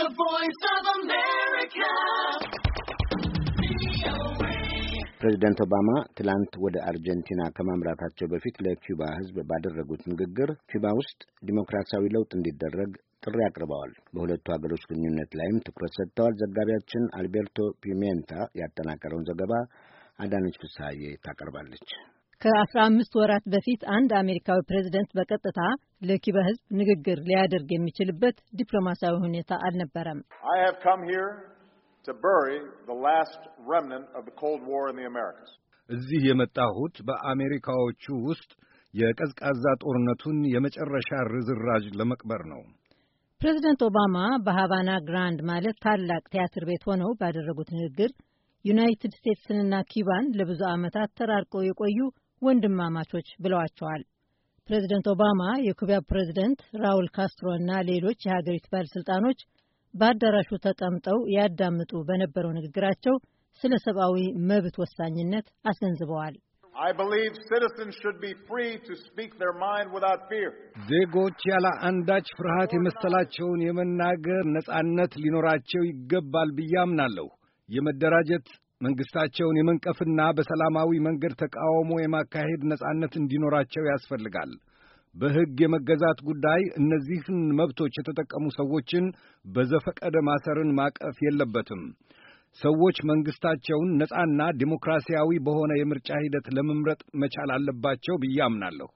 The Voice of America. ፕሬዚደንት ኦባማ ትላንት ወደ አርጀንቲና ከማምራታቸው በፊት ለኪባ ሕዝብ ባደረጉት ንግግር ኪባ ውስጥ ዲሞክራሲያዊ ለውጥ እንዲደረግ ጥሪ አቅርበዋል። በሁለቱ ሀገሮች ግንኙነት ላይም ትኩረት ሰጥተዋል። ዘጋቢያችን አልቤርቶ ፒሜንታ ያጠናቀረውን ዘገባ አዳነች ፍስሐዬ ታቀርባለች። ከ15 ወራት በፊት አንድ አሜሪካዊ ፕሬዚደንት በቀጥታ ለኪባ ህዝብ ንግግር ሊያደርግ የሚችልበት ዲፕሎማሲያዊ ሁኔታ አልነበረም። እዚህ የመጣሁት በአሜሪካዎቹ ውስጥ የቀዝቃዛ ጦርነቱን የመጨረሻ ርዝራዥ ለመቅበር ነው። ፕሬዚደንት ኦባማ በሃቫና ግራንድ ማለት ታላቅ ቲያትር ቤት ሆነው ባደረጉት ንግግር ዩናይትድ ስቴትስንና ኪባን ለብዙ ዓመታት ተራርቀው የቆዩ ወንድማማቾች ብለዋቸዋል። ፕሬዚደንት ኦባማ የኩቢያ ፕሬዚደንት ራውል ካስትሮ እና ሌሎች የሀገሪቱ ባለሥልጣኖች በአዳራሹ ተቀምጠው ያዳምጡ በነበረው ንግግራቸው ስለ ሰብአዊ መብት ወሳኝነት አስገንዝበዋል። ዜጎች ያለ አንዳች ፍርሃት የመሰላቸውን የመናገር ነጻነት ሊኖራቸው ይገባል ብዬ አምናለሁ። የመደራጀት መንግሥታቸውን የመንቀፍና በሰላማዊ መንገድ ተቃውሞ የማካሄድ ነጻነት እንዲኖራቸው ያስፈልጋል። በሕግ የመገዛት ጉዳይ እነዚህን መብቶች የተጠቀሙ ሰዎችን በዘፈቀደ ማሰርን ማቀፍ የለበትም። ሰዎች መንግሥታቸውን ነጻና ዲሞክራሲያዊ በሆነ የምርጫ ሂደት ለመምረጥ መቻል አለባቸው ብዬ አምናለሁ።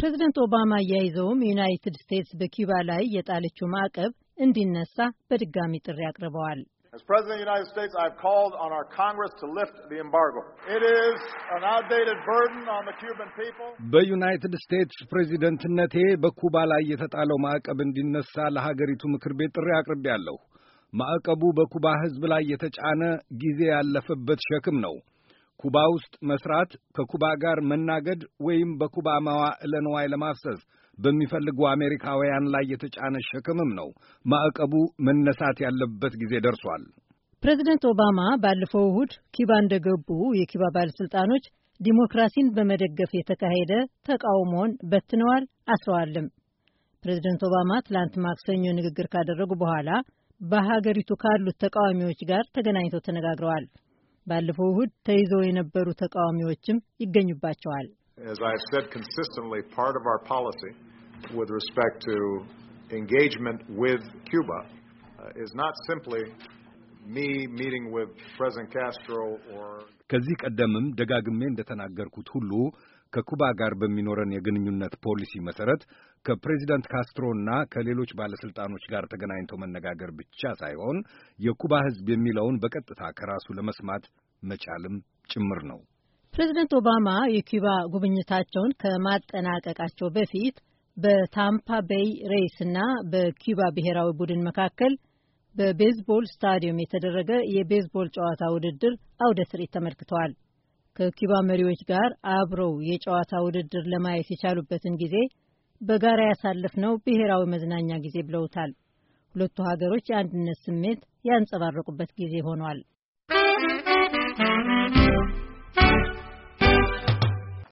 ፕሬዚደንት ኦባማ አያይዘውም ዩናይትድ ስቴትስ በኪዩባ ላይ የጣለችው ማዕቀብ እንዲነሳ በድጋሚ ጥሪ አቅርበዋል። As President of the United States, have called on our Congress to lift the embargo. It is an outdated burden on the Cuban people. በዩናይትድ ስቴትስ ፕሬዚደንትነቴ በኩባ ላይ የተጣለው ማዕቀብ እንዲነሳ ለሀገሪቱ ምክር ቤት ጥሪ አቅርቤያለሁ። ማዕቀቡ በኩባ ሕዝብ ላይ የተጫነ ጊዜ ያለፈበት ሸክም ነው። ኩባ ውስጥ መስራት፣ ከኩባ ጋር መናገድ ወይም በኩባ መዋዕለ ንዋይ ለማፍሰስ በሚፈልጉ አሜሪካውያን ላይ የተጫነ ሸክምም ነው። ማዕቀቡ መነሳት ያለበት ጊዜ ደርሷል። ፕሬዚደንት ኦባማ ባለፈው እሁድ ኪባ እንደገቡ የኪባ ባለሥልጣኖች ዲሞክራሲን በመደገፍ የተካሄደ ተቃውሞን በትነዋል፣ አስረዋልም። ፕሬዚደንት ኦባማ ትላንት ማክሰኞ ንግግር ካደረጉ በኋላ በሀገሪቱ ካሉት ተቃዋሚዎች ጋር ተገናኝተው ተነጋግረዋል። ባለፈው እሁድ ተይዘው የነበሩ ተቃዋሚዎችም ይገኙባቸዋል። with respect to engagement with Cuba uh, is not simply me meeting with President Castro or ከዚህ ቀደምም ደጋግሜ እንደተናገርኩት ሁሉ ከኩባ ጋር በሚኖረን የግንኙነት ፖሊሲ መሰረት ከፕሬዚዳንት ካስትሮና ከሌሎች ባለስልጣኖች ጋር ተገናኝቶ መነጋገር ብቻ ሳይሆን የኩባ ሕዝብ የሚለውን በቀጥታ ከራሱ ለመስማት መቻልም ጭምር ነው። ፕሬዚደንት ኦባማ የኩባ ጉብኝታቸውን ከማጠናቀቃቸው በፊት በታምፓ ቤይ ሬይስ እና በኪዩባ ብሔራዊ ቡድን መካከል በቤዝቦል ስታዲየም የተደረገ የቤዝቦል ጨዋታ ውድድር አውደ ትርኢት ተመልክተዋል። ከኪዩባ መሪዎች ጋር አብረው የጨዋታ ውድድር ለማየት የቻሉበትን ጊዜ በጋራ ያሳለፍነው ብሔራዊ መዝናኛ ጊዜ ብለውታል። ሁለቱ ሀገሮች የአንድነት ስሜት ያንጸባረቁበት ጊዜ ሆኗል።